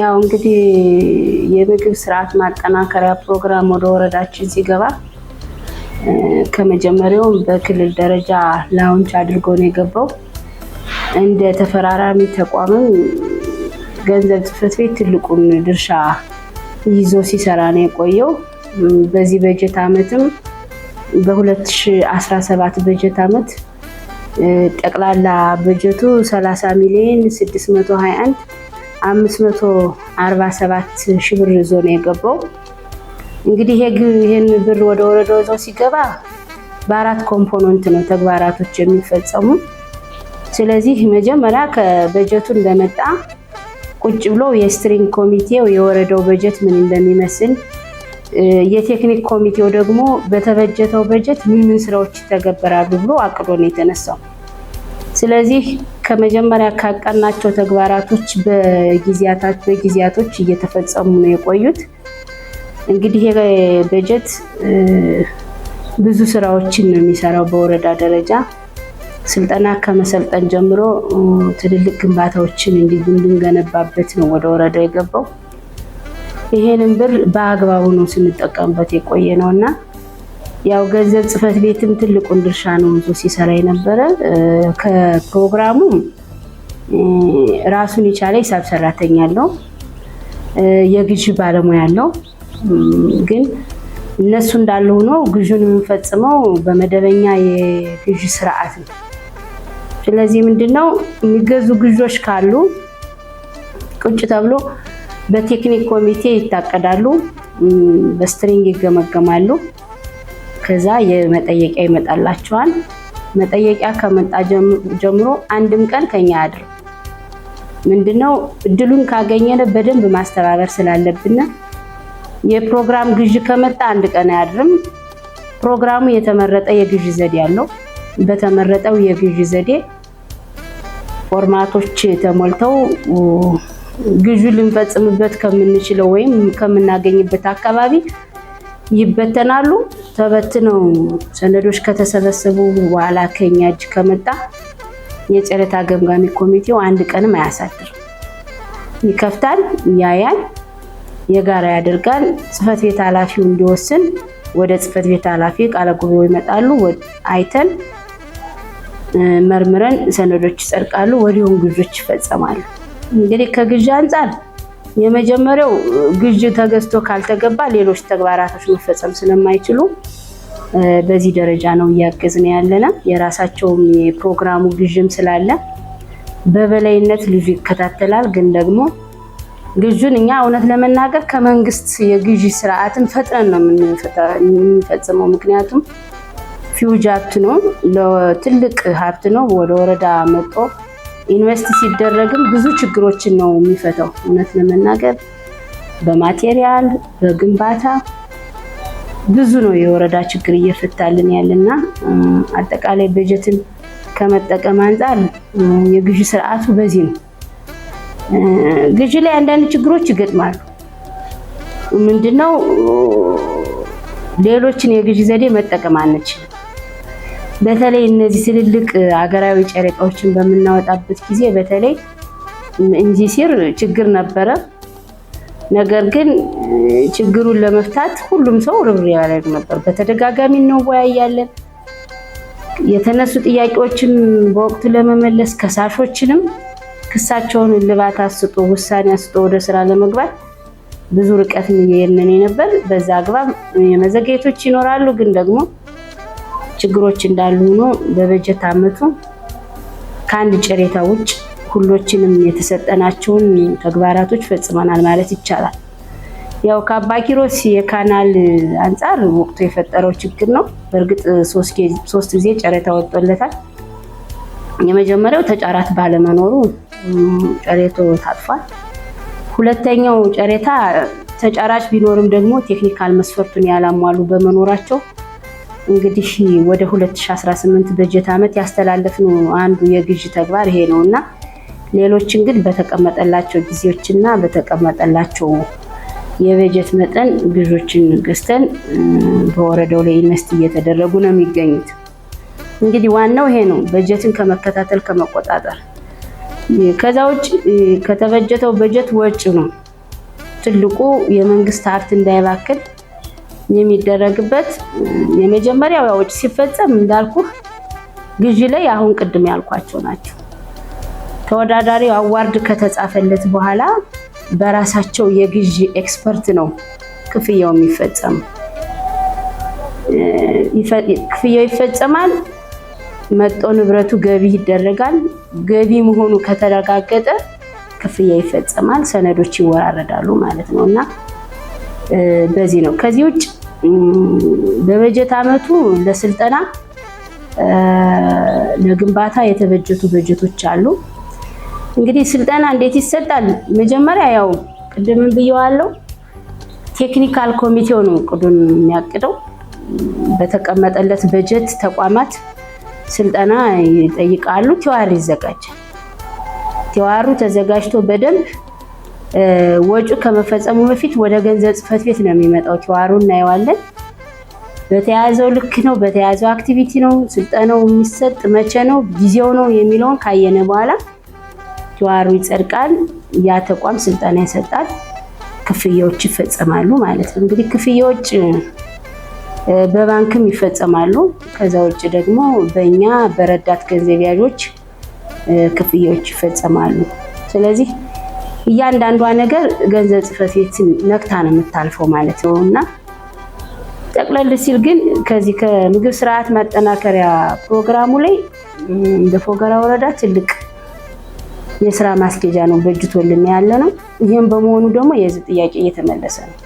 ያው እንግዲህ የምግብ ስርዓት ማጠናከሪያ ፕሮግራም ወደ ወረዳችን ሲገባ ከመጀመሪያውም በክልል ደረጃ ላውንች አድርጎ ነው የገባው። እንደ ተፈራራሚ ተቋምም ገንዘብ ጽሕፈት ቤት ትልቁን ድርሻ ይዞ ሲሰራ ነው የቆየው። በዚህ በጀት ዓመትም በ2017 በጀት ዓመት ጠቅላላ በጀቱ 30 ሚሊዮን 621 አምስት ሺህ ብር ይዞ ነው የገባው። እንግዲህ ይህን ብር ወደ ወረዳው ይዞ ሲገባ በአራት ኮምፖነንት ነው ተግባራቶች የሚፈጸሙ። ስለዚህ መጀመሪያ ከበጀቱ እንደመጣ ቁጭ ብሎ የስትሪንግ ኮሚቴው የወረዳው በጀት ምን እንደሚመስል፣ የቴክኒክ ኮሚቴው ደግሞ በተበጀተው በጀት ምን ምን ስራዎች ይተገበራሉ ብሎ አቅዶ ነው የተነሳው። ስለዚህ ከመጀመሪያ ካቀናቸው ተግባራቶች በጊዜያታች በጊዜያቶች እየተፈጸሙ ነው የቆዩት። እንግዲህ በጀት ብዙ ስራዎችን ነው የሚሰራው። በወረዳ ደረጃ ስልጠና ከመሰልጠን ጀምሮ ትልልቅ ግንባታዎችን እንድንገነባበት ነው ወደ ወረዳው የገባው። ይሄንን ብር በአግባቡ ነው ስንጠቀምበት የቆየ ነው እና ያው ገንዘብ ጽህፈት ቤትም ትልቁን ድርሻ ነው ይዞ ሲሰራ የነበረ። ከፕሮግራሙ ራሱን የቻለ ሂሳብ ሰራተኛ አለው፣ የግዥ ባለሙያ አለው። ግን እነሱ እንዳለ ሆኖ ግዥን የምንፈጽመው በመደበኛ የግዥ ስርዓት ነው። ስለዚህ ምንድነው የሚገዙ ግዦች ካሉ ቁጭ ተብሎ በቴክኒክ ኮሚቴ ይታቀዳሉ፣ በስትሪንግ ይገመገማሉ። ከዛ የመጠየቂያ ይመጣላቸዋል። መጠየቂያ ከመጣ ጀምሮ አንድም ቀን ከኛ አድር ምንድነው እድሉን ካገኘን በደንብ ማስተባበር ስላለብን የፕሮግራም ግዥ ከመጣ አንድ ቀን አያድርም። ፕሮግራሙ የተመረጠ የግዥ ዘዴ አለው። በተመረጠው የግዥ ዘዴ ፎርማቶች ተሞልተው ግዥ ልንፈጽምበት ከምንችለው ወይም ከምናገኝበት አካባቢ ይበተናሉ። ተበትነው ሰነዶች ከተሰበሰቡ በኋላ ከኛ እጅ ከመጣ የጨረታ ገምጋሚ ኮሚቴው አንድ ቀንም አያሳድርም። ይከፍታል፣ ያያል፣ የጋራ ያደርጋል። ጽህፈት ቤት ኃላፊው እንዲወስን ወደ ጽህፈት ቤት ኃላፊ ቃለ ጉባኤ ይመጣሉ። አይተን መርምረን ሰነዶች ይጸድቃሉ። ወዲሁም ግዦች ይፈጸማሉ። እንግዲህ ከግዢ አንጻር የመጀመሪያው ግዥ ተገዝቶ ካልተገባ ሌሎች ተግባራቶች መፈጸም ስለማይችሉ በዚህ ደረጃ ነው እያገዝን ያለነ። የራሳቸውም የፕሮግራሙ ግዥም ስላለ በበላይነት ልጁ ይከታተላል። ግን ደግሞ ግዥን እኛ እውነት ለመናገር ከመንግስት የግዥ ስርዓትን ፈጥነን ነው የምንፈጽመው። ምክንያቱም ፊውጅ ሀብት ነው፣ ለትልቅ ሀብት ነው። ወደ ወረዳ መጦ ኢንቨስት ሲደረግም ብዙ ችግሮችን ነው የሚፈታው። እውነት ለመናገር በማቴሪያል በግንባታ ብዙ ነው የወረዳ ችግር እየፈታልን ያለና አጠቃላይ በጀትን ከመጠቀም አንጻር የግዢ ስርዓቱ በዚህ ነው። ግዢ ላይ አንዳንድ ችግሮች ይገጥማሉ። ምንድነው ሌሎችን የግዢ ዘዴ መጠቀም አንችልም። በተለይ እነዚህ ትልልቅ አገራዊ ጨረቃዎችን በምናወጣበት ጊዜ በተለይ እንጂ ሲር ችግር ነበረ። ነገር ግን ችግሩን ለመፍታት ሁሉም ሰው ርብር ያደርግ ነበር። በተደጋጋሚ እንወያያለን። የተነሱ ጥያቄዎችን በወቅቱ ለመመለስ ከሳሾችንም ክሳቸውን እልባት አስጦ ውሳኔ አስጦ ወደ ስራ ለመግባት ብዙ ርቀት እየሄድን ነበር። በዛ አግባብ የመዘግየቶች ይኖራሉ ግን ደግሞ ችግሮች እንዳሉ ሆኖ በበጀት አመቱ ከአንድ ጨሬታ ውጭ ሁሎችንም የተሰጠናቸውን ተግባራቶች ፈጽመናል ማለት ይቻላል። ያው ከአባ ኪሮስ የካናል አንጻር ወቅቱ የፈጠረው ችግር ነው። በእርግጥ ሶስት ጊዜ ጨሬታ ወጥቶለታል። የመጀመሪያው ተጫራት ባለመኖሩ ጨሬቶ ታጥፏል። ሁለተኛው ጨሬታ ተጫራች ቢኖርም ደግሞ ቴክኒካል መስፈርቱን ያላሟሉ በመኖራቸው እንግዲህ ወደ 2018 በጀት ዓመት ያስተላለፍነው አንዱ የግዥ ተግባር ይሄ ነው እና ሌሎችን ግን በተቀመጠላቸው ጊዜዎችና በተቀመጠላቸው የበጀት መጠን ግዦችን ገዝተን በወረዳው ላይ ኢንቨስት እየተደረጉ ነው የሚገኙት። እንግዲህ ዋናው ይሄ ነው፣ በጀትን ከመከታተል ከመቆጣጠር። ከዛ ውጭ ከተበጀተው በጀት ወጪ ነው ትልቁ የመንግስት ሀብት እንዳይባክል የሚደረግበት የመጀመሪያው ያው ሲፈጸም እንዳልኩ ግዢ ላይ አሁን ቅድም ያልኳቸው ናቸው። ተወዳዳሪው አዋርድ ከተጻፈለት በኋላ በራሳቸው የግዢ ኤክስፐርት ነው ክፍያው የሚፈጸም ክፍያው ይፈጸማል። መጦ ንብረቱ ገቢ ይደረጋል። ገቢ መሆኑ ከተረጋገጠ ክፍያ ይፈጸማል። ሰነዶች ይወራረዳሉ ማለት ነው እና በዚህ ነው። ከዚህ ውጭ በበጀት አመቱ ለስልጠና ለግንባታ የተበጀቱ በጀቶች አሉ። እንግዲህ ስልጠና እንዴት ይሰጣል? መጀመሪያ ያው ቅድምን ብየዋለው፣ ቴክኒካል ኮሚቴው ነው እቅዱን የሚያቅደው። በተቀመጠለት በጀት ተቋማት ስልጠና ይጠይቃሉ። ቲዋር ይዘጋጃል። ቲዋሩ ተዘጋጅቶ በደንብ ወጪ ከመፈጸሙ በፊት ወደ ገንዘብ ጽህፈት ቤት ነው የሚመጣው። ቲዋሩ እናየዋለን። በተያዘው ልክ ነው፣ በተያዘው አክቲቪቲ ነው፣ ስልጠናው የሚሰጥ መቼ ነው፣ ጊዜው ነው የሚለውን ካየነ በኋላ ቲዋሩ ይጸድቃል። ያ ተቋም ስልጠና ይሰጣል፣ ክፍያዎች ይፈጸማሉ ማለት ነው። እንግዲህ ክፍያዎች በባንክም ይፈጸማሉ። ከዛ ውጭ ደግሞ በእኛ በረዳት ገንዘብ ያዦች ክፍያዎች ይፈጸማሉ። ስለዚህ እያንዳንዷ ነገር ገንዘብ ጽሕፈት ቤትን ነክታ ነው የምታልፈው ማለት ነው እና ጠቅለል ሲል ግን ከዚህ ከምግብ ስርዓት ማጠናከሪያ ፕሮግራሙ ላይ እንደ ፎገራ ወረዳ ትልቅ የስራ ማስኬጃ ነው በጅቶልን ያለ ነው። ይህም በመሆኑ ደግሞ የህዝብ ጥያቄ እየተመለሰ ነው።